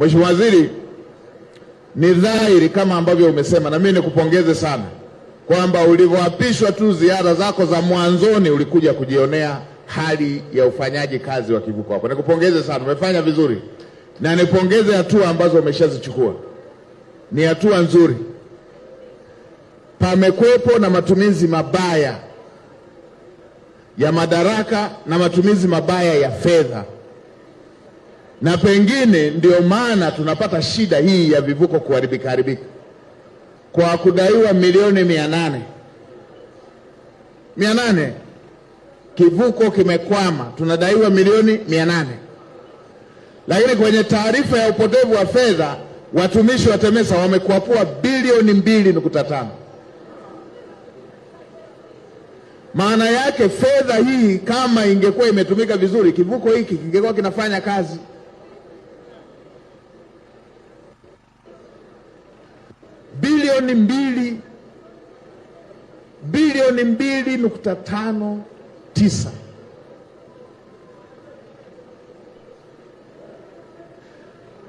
Mheshimiwa Waziri, ni dhahiri kama ambavyo umesema, na mimi nikupongeze sana kwamba ulivyoapishwa tu, ziara zako za mwanzoni ulikuja kujionea hali ya ufanyaji kazi wa kivuko hapo. Nikupongeze sana, umefanya vizuri, na nipongeze hatua ambazo umeshazichukua, ni hatua nzuri. Pamekwepo na matumizi mabaya ya madaraka na matumizi mabaya ya fedha na pengine ndio maana tunapata shida hii ya vivuko kuharibika haribika kwa kudaiwa milioni mia nane mia nane kivuko kimekwama, tunadaiwa milioni mia nane lakini kwenye taarifa ya upotevu wa fedha watumishi wa TEMESA wamekwapua bilioni mbili nukta tano. Maana yake fedha hii kama ingekuwa imetumika vizuri, kivuko hiki kingekuwa kinafanya kazi. bilioni mbili bilioni mbili nukta tano tisa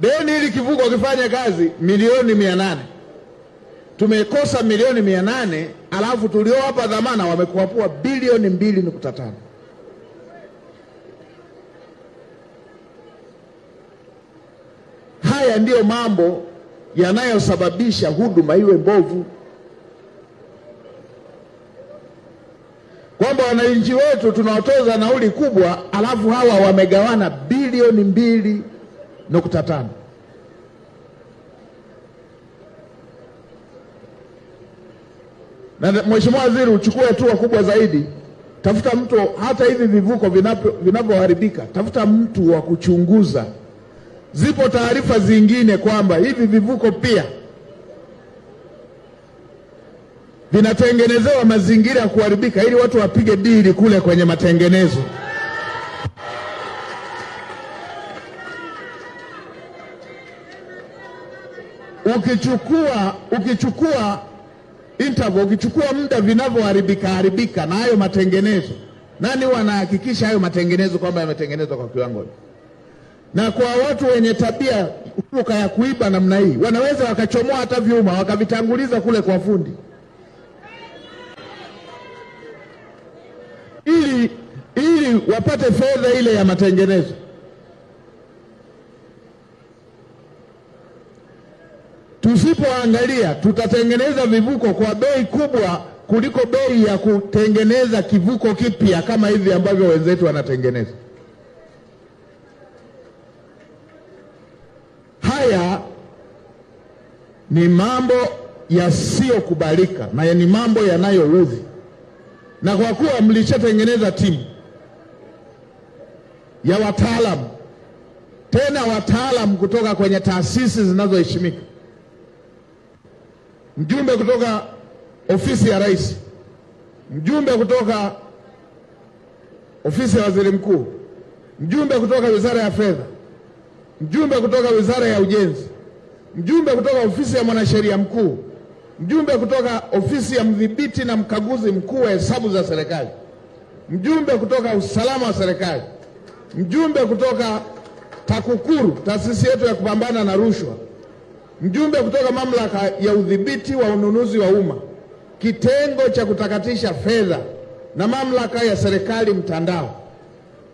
deni hili kivuko wakifanya kazi milioni mia nane tumekosa milioni mia nane alafu tuliowapa dhamana wamekuapua bilioni mbili nukta tano haya ndiyo mambo yanayosababisha huduma iwe mbovu, kwamba wananchi wetu tunawatoza nauli kubwa, alafu hawa wamegawana bilioni mbili nukta tano. Na Mheshimiwa Waziri, uchukue hatua kubwa zaidi, tafuta mtu, hata hivi vivuko vinavyoharibika, tafuta mtu wa kuchunguza Zipo taarifa zingine kwamba hivi vivuko pia vinatengenezewa mazingira ya kuharibika ili watu wapige dili kule kwenye matengenezo. Ukichukua ukichukua interval, ukichukua muda vinavyoharibika haribika na hayo matengenezo, nani anahakikisha hayo matengenezo kwamba yametengenezwa kwa kiwango na kwa watu wenye tabia kuruka ya kuiba namna hii, wanaweza wakachomoa hata vyuma wakavitanguliza kule kwa fundi, ili ili wapate fedha ile ya matengenezo. Tusipoangalia tutatengeneza vivuko kwa bei kubwa kuliko bei ya kutengeneza kivuko kipya kama hivi ambavyo wenzetu wanatengeneza. ni mambo yasiyokubalika na ni mambo yanayoudhi, na kwa kuwa mlishatengeneza timu ya wataalamu, tena wataalamu kutoka kwenye taasisi zinazoheshimika, mjumbe kutoka ofisi ya rais, mjumbe kutoka ofisi ya waziri mkuu, mjumbe kutoka wizara ya fedha, mjumbe kutoka wizara ya ujenzi mjumbe kutoka ofisi ya mwanasheria mkuu, mjumbe kutoka ofisi ya mdhibiti na mkaguzi mkuu wa hesabu za serikali, mjumbe kutoka usalama wa serikali, mjumbe kutoka TAKUKURU, taasisi yetu ya kupambana na rushwa, mjumbe kutoka mamlaka ya udhibiti wa ununuzi wa umma, kitengo cha kutakatisha fedha na mamlaka ya serikali mtandao.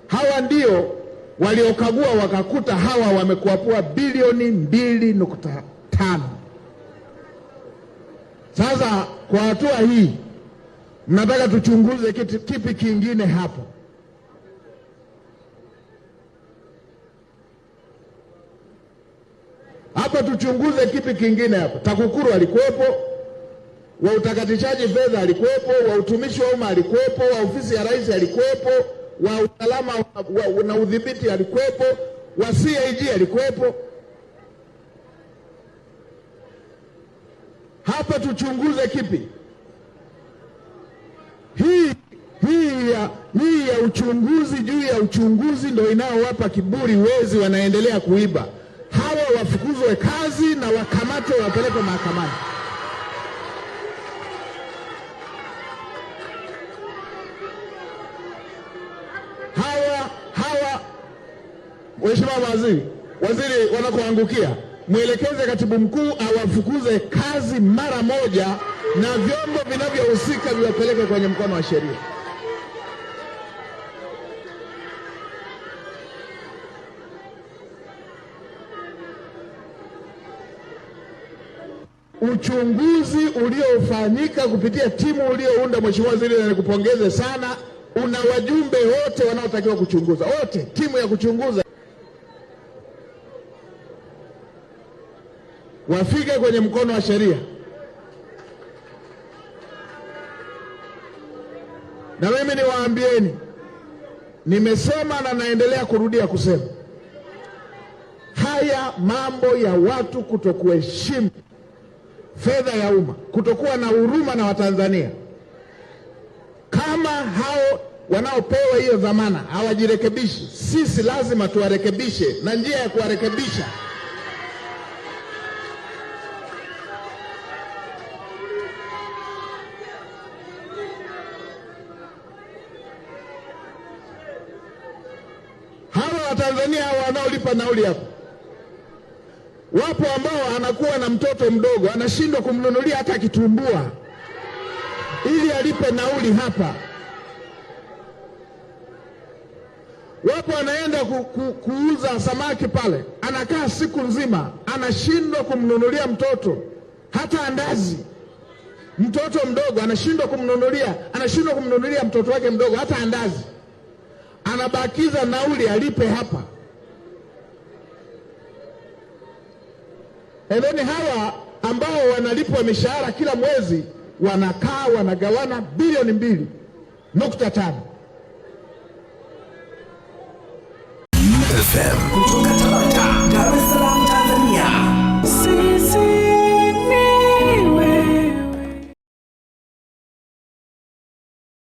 Hawa ndio waliokagua wakakuta hawa wamekuapua bilioni mbili nukta tano. Sasa kwa hatua hii mnataka tuchunguze kitu kipi kingine hapo? hapo tuchunguze kipi kingine hapo? TAKUKURU alikuwepo, wa utakatishaji fedha alikuwepo, wa utumishi wa umma alikuwepo, wa ofisi ya rais alikuwepo wa usalama na udhibiti alikuwepo, wa CAG alikuwepo. Hapa tuchunguze kipi? Hii, hii, ya, hii ya uchunguzi juu ya uchunguzi ndio inayowapa kiburi wezi, wanaendelea kuiba. Hawa wafukuzwe kazi na wakamatwe, wapelekwe mahakamani. hawa hawa, Mheshimiwa Waziri, waziri wanakoangukia, mwelekeze katibu mkuu awafukuze kazi mara moja, na vyombo vinavyohusika viwapeleke kwenye mkono wa sheria. Uchunguzi uliofanyika kupitia timu uliounda, Mheshimiwa Waziri, na nikupongeze sana una wajumbe wote wanaotakiwa kuchunguza, wote timu ya kuchunguza wafike kwenye mkono wa sheria. Na mimi niwaambieni, nimesema na naendelea kurudia kusema haya mambo ya watu kutokuheshimu fedha ya umma, kutokuwa na huruma na Watanzania kama hao wanaopewa hiyo dhamana hawajirekebishi, sisi lazima tuwarekebishe, na njia ya kuwarekebisha hawa Watanzania hawa wanaolipa nauli hapo wapo ambao anakuwa na mtoto mdogo anashindwa kumnunulia hata kitumbua ili alipe nauli hapa. Mtu anaenda ku, ku, kuuza samaki pale, anakaa siku nzima, anashindwa kumnunulia mtoto hata andazi. Mtoto mdogo anashindwa kumnunulia, anashindwa kumnunulia mtoto wake mdogo hata andazi, anabakiza nauli alipe hapa. Eleni hawa ambao wanalipwa mishahara kila mwezi wanakaa wanagawana bilioni mbili nukta tano FM.